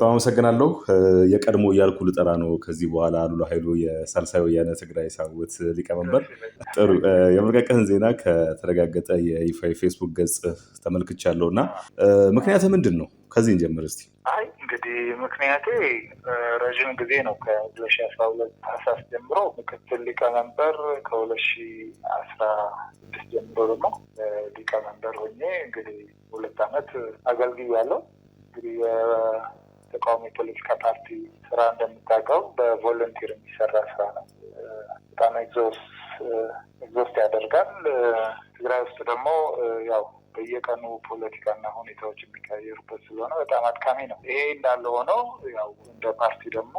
በጣም አመሰግናለሁ። የቀድሞ እያልኩ ልጠራ ነው ከዚህ በኋላ አሉላ ኃይሉ የሳልሳይ ወያነ ትግራይ ሳውት ሊቀመንበር። ጥሩ የመልቀቅህን ዜና ከተረጋገጠ የይፋ ፌስቡክ ገጽ ተመልክቻለሁ እና ምክንያትህ ምንድን ነው? ከዚህ እንጀምር እስቲ። አይ እንግዲህ ምክንያቴ ረዥም ጊዜ ነው። ከሁለት ሺ አስራ ሁለት ታህሳስ ጀምሮ ምክትል ሊቀመንበር ከሁለት ሺ አስራ ስድስት ጀምሮ ደግሞ ሊቀመንበር ሆኜ እንግዲህ ሁለት አመት አገልግያለሁ። እንግዲህ ተቃዋሚ የፖለቲካ ፓርቲ ስራ እንደምታውቀው በቮለንቲር የሚሰራ ስራ ነው። በጣም ኤግዞስት ያደርጋል። ትግራይ ውስጥ ደግሞ ያው በየቀኑ ፖለቲካና ሁኔታዎች የሚቀያየሩበት ስለሆነ በጣም አድካሚ ነው። ይሄ እንዳለ ሆነው ያው እንደ ፓርቲ ደግሞ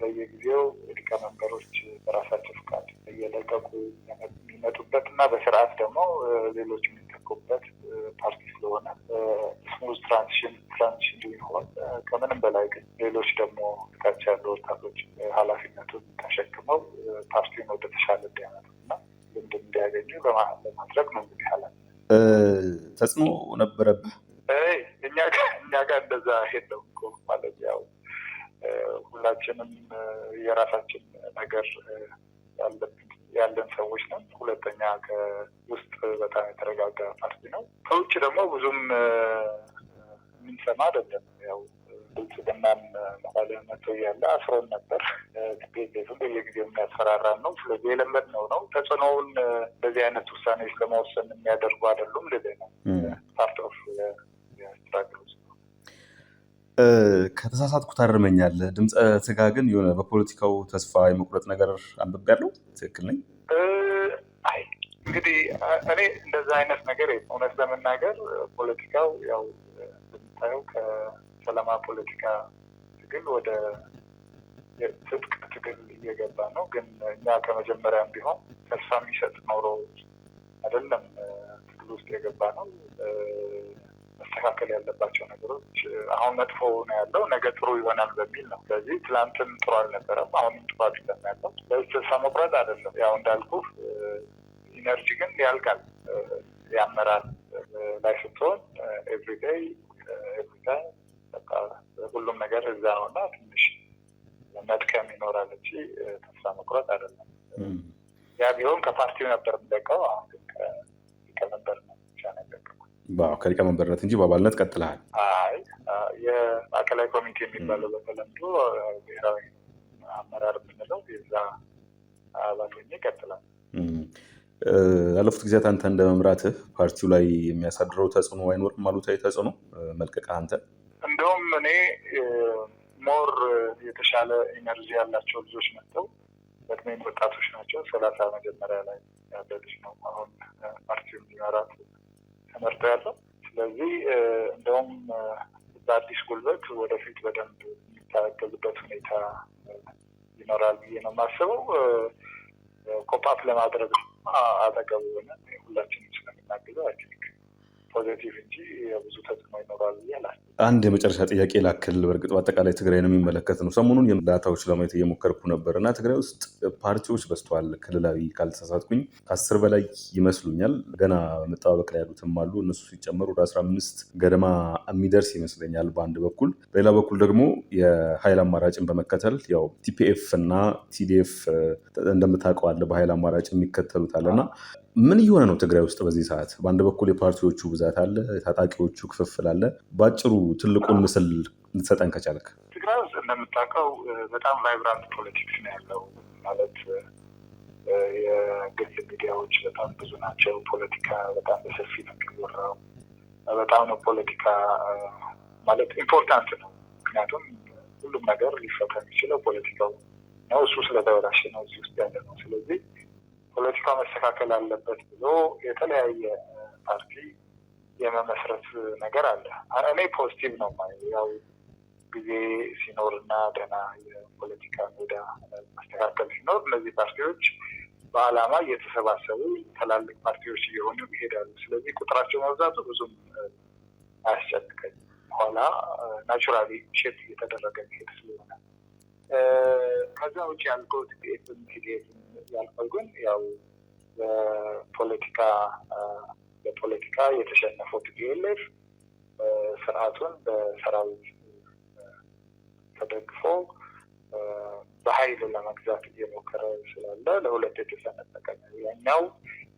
በየጊዜው ሊቀመንበሮች በራሳቸው ፍቃድ እየለቀቁ የሚመጡበት እና በስርዓት ደግሞ ሌሎች የተሳተፍኩበት ፓርቲ ስለሆነ ስሙዝ ትራንዚሽን ትራንዚሽን ሊሆን ከምንም በላይ ግን ሌሎች ደግሞ ታች ያሉ ወጣቶች ኃላፊነቱን ተሸክመው ፓርቲውን ወደ ተሻለ እንዲያመጡ እና ልምድ እንዲያገኙ ለማድረግ ነው እንግዲህ ኃላፊነት ተጽዕኖ ነበረብህ? እኛ ጋር እንደዛ ሄደው ማለት ያው ሁላችንም የራሳችን ነገር ያለን ሰዎች ነን። ሁለተኛ ከውስጥ ሰልፍ በጣም የተረጋጋ ፓርቲ ነው። ከውጭ ደግሞ ብዙም የምንሰማ አይደለም። ያው ብልጽግናም መቀለ መቶ እያለ አስሮን ነበር። ቤትም በየጊዜው የሚያስፈራራን ነው። ስለዚህ የለመድ ነው። ነው ተጽዕኖውን በዚህ አይነት ውሳኔዎች ለመወሰን የሚያደርጉ አይደሉም። ልል ነው ፓርት ኦፍ ስትራግል ውስጥ ከተሳሳትኩ ታርመኛለህ። ድምፀ ስጋ ግን የሆነ በፖለቲካው ተስፋ የመቁረጥ ነገር አንብቤያለሁ። ትክክል ነኝ? እንግዲህ እኔ እንደዛ አይነት ነገር እውነት ለመናገር ፖለቲካው ያው እንደምታየው ከሰላማ ፖለቲካ ትግል ወደ ትጥቅ ትግል እየገባ ነው። ግን እኛ ከመጀመሪያም ቢሆን ተስፋ የሚሰጥ ኖሮ አይደለም ትግል ውስጥ የገባ ነው። መስተካከል ያለባቸው ነገሮች አሁን መጥፎ ነው ያለው፣ ነገ ጥሩ ይሆናል በሚል ነው። ስለዚህ ትላንትም ጥሩ አልነበረም፣ አሁንም ጥሩ አይደለም ያለው። ስለዚህ ተስፋ መቁረጥ አይደለም ያው እንዳልኩ ኢነርጂ ግን ያልቃል። የአመራር ላይ ስትሆን ኤቭሪዴይ ኤቭሪታይም በቃ ሁሉም ነገር እዛ ነው እና ትንሽ መድከም ይኖራል እንጂ ተስፋ መቁረጥ አይደለም። ያ ቢሆን ከፓርቲው ነበር የምለቀው። አሁን ግን ከሊቀመንበር ብቻ ነው የለቀኩት። ከሊቀመንበርነት እንጂ በአባልነት ቀጥለሃል? አይ የማዕከላዊ ኮሚቴ የሚባለው በተለምዶ ብሔራዊ አመራር የምንለው የዛ አባል ሆኜ ይቀጥላል። ያለፉት ጊዜያት አንተ እንደ መምራትህ ፓርቲው ላይ የሚያሳድረው ተጽዕኖ አይኖርም? አሉታዊ ተጽዕኖ መልቀቅ አንተ እንደውም እኔ ሞር የተሻለ ኤነርጂ ያላቸው ልጆች መጥተው በእድሜ ወጣቶች ናቸው። ሰላሳ መጀመሪያ ላይ ያለ ልጅ ነው አሁን ፓርቲው እንዲመራት ተመርጦ ያለው። ስለዚህ እንደውም በአዲስ ጉልበት ወደፊት በደንብ የሚታገልበት ሁኔታ ይኖራል ብዬ ነው የማስበው። ኮፓፕ ለማድረግ ነው አጠገቡ ሆነ ሁላችንም ስለምናግዘው ፖዘቲቭ እንጂ ብዙ ተጽዕኖ ይኖራል ይላል። አንድ የመጨረሻ ጥያቄ ላክል። በእርግጥ በአጠቃላይ ነው የሚመለከት ነው። ሰሞኑን ዳታዎች ለማየት እየሞከርኩ ነበር እና ትግራይ ውስጥ ፓርቲዎች በዝተዋል። ክልላዊ ካልተሳሳትኩኝ ከአስር በላይ ይመስሉኛል። ገና መጠባበቅ ላይ ያሉትም አሉ። እነሱ ሲጨመሩ ወደ አስራ አምስት ገደማ የሚደርስ ይመስለኛል በአንድ በኩል። በሌላ በኩል ደግሞ የኃይል አማራጭን በመከተል ያው ቲፒኤፍ እና ቲዲኤፍ እንደምታውቀው በሀይል በኃይል አማራጭ የሚከተሉት እና ምን እየሆነ ነው ትግራይ ውስጥ በዚህ ሰዓት? በአንድ በኩል የፓርቲዎቹ ብዛት አለ፣ የታጣቂዎቹ ክፍፍል አለ። በአጭሩ ትልቁን ምስል ልትሰጠን ከቻልክ። ትግራይ ውስጥ እንደምታውቀው በጣም ቫይብራንት ፖለቲክስ ነው ያለው። ማለት የግል ሚዲያዎች በጣም ብዙ ናቸው። ፖለቲካ በጣም በሰፊ ነው የሚወራው። በጣም ነው ፖለቲካ ማለት ኢምፖርታንት ነው። ምክንያቱም ሁሉም ነገር ሊፈታ የሚችለው ፖለቲካው ነው። እሱ ስለተበላሸ ነው እዚህ ውስጥ ያለ ነው። ስለዚህ ፖለቲካ መስተካከል አለበት ብሎ የተለያየ ፓርቲ የመመስረት ነገር አለ። እኔ ፖዚቲቭ ነው ያው ጊዜ ሲኖርና ደህና የፖለቲካ ሜዳ መስተካከል ሲኖር እነዚህ ፓርቲዎች በዓላማ እየተሰባሰቡ ትላልቅ ፓርቲዎች እየሆኑ ይሄዳሉ። ስለዚህ ቁጥራቸው መብዛቱ ብዙም አያስጨንቀኝ። ኋላ ናቹራሊ ሼፕ እየተደረገ ሄድ ስለሆነ ከዛ ውጭ ያልከው ቲፒኤፍም ቲዲኤፍም ያልፈል ግን ያው በፖለቲካ በፖለቲካ የተሸነፈው ቲፒኤልኤፍ ስርዓቱን በሰራዊት ተደግፎ በኃይል ለመግዛት እየሞከረ ስላለ ለሁለት የተሰነጠቀ ነው። ያኛው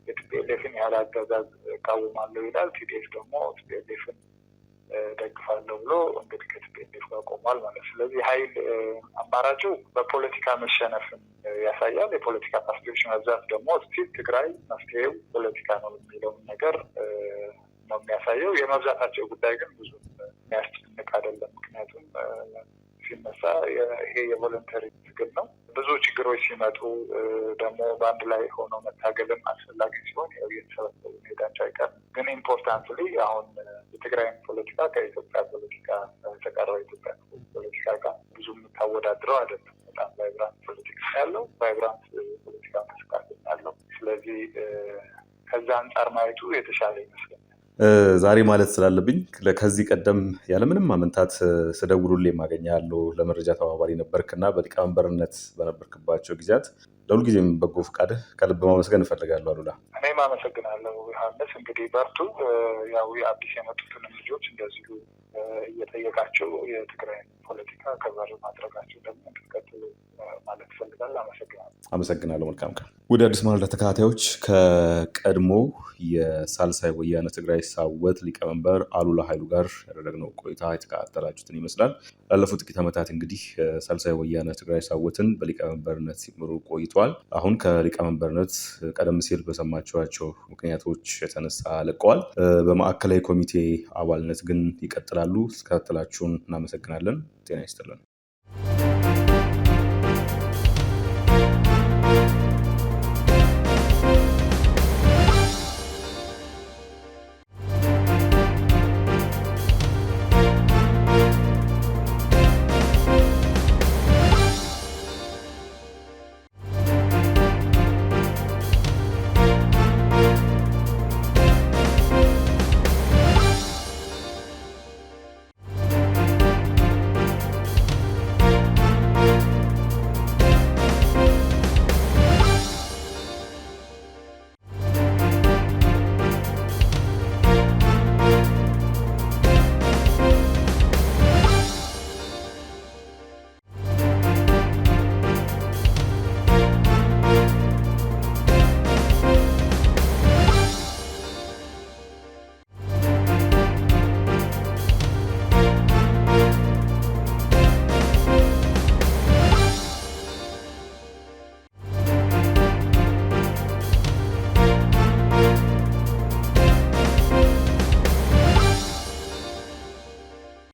የትቤሌፍን ያህል አገዛዝ እቃወማለሁ ይላል። ቲዲኤፍ ደግሞ ትቤሌፍን ደግፋለሁ ብሎ እንግዲህ ከትቤ ጋር ቆሟል ማለት። ስለዚህ ሀይል አማራጩ በፖለቲካ መሸነፍን ያሳያል። የፖለቲካ ፓርቲዎች መብዛት ደግሞ ስቲል ትግራይ መፍትሄው ፖለቲካ ነው የሚለውን ነገር ነው የሚያሳየው። የመብዛታቸው ጉዳይ ግን ብዙ የሚያስጨንቅ አይደለም። ምክንያቱም ሲነሳ ይሄ የቮለንተሪ ትግል ነው። ብዙ ችግሮች ሲመጡ ደግሞ በአንድ ላይ ሆኖ መታገልም አስፈላጊ ሲሆን የተሰበሰቡ እየተሰበሰቡ መሄዳቸው ግን ኢምፖርታንት አሁን የትግራይን ፖለቲካ ከኢትዮጵያ ፖለቲካ ተቀረው የኢትዮጵያ ፖለቲካ ጋር ብዙ የምታወዳድረው አይደለም። በጣም ቫይብራንት ፖለቲካ ያለው ቫይብራንት ፖለቲካ እንቅስቃሴ አለው። ስለዚህ ከዛ አንጻር ማየቱ የተሻለ ይመስለኛል። ዛሬ ማለት ስላለብኝ ከዚህ ቀደም ያለምንም አመንታት ስደውሉልህ ያለው ለመረጃ ተባባሪ ነበርክና በሊቀመንበርነት በነበርክባቸው ጊዜያት ለሁልጊዜም በጎ ፍቃድ ከልብ ማመስገን እንፈልጋለሁ አሉላ። እኔም አመሰግናለሁ ዮሐንስ። እንግዲህ በርቱ። ያው አዲስ የመጡትንም ልጆች እንደዚሁ እየጠየቃቸው የትግራይ ፖለቲካ ከበር ማድረጋቸው ደግሞ ማለት አመሰግናለሁ። አመሰግናለሁ። መልካም ቀን። ወደ አዲስ ማለዳ ተከታታዮች ከቀድሞ የሳልሳይ ወያነ ትግራይ ሳወት ሊቀመንበር አሉላ ኃይሉ ጋር ያደረግነው ቆይታ የተከታተላችሁትን ይመስላል። ላለፉት ጥቂት ዓመታት እንግዲህ ሳልሳይ ወያነ ትግራይ ሳወትን በሊቀመንበርነት ሲመሩ ቆይተዋል። አሁን ከሊቀመንበርነት ቀደም ሲል በሰማችኋቸው ምክንያቶች የተነሳ ለቀዋል። በማዕከላዊ ኮሚቴ አባልነት ግን ይቀጥላሉ። ተከታተላችሁን እናመሰግናለን። ጤና ይስጥልን።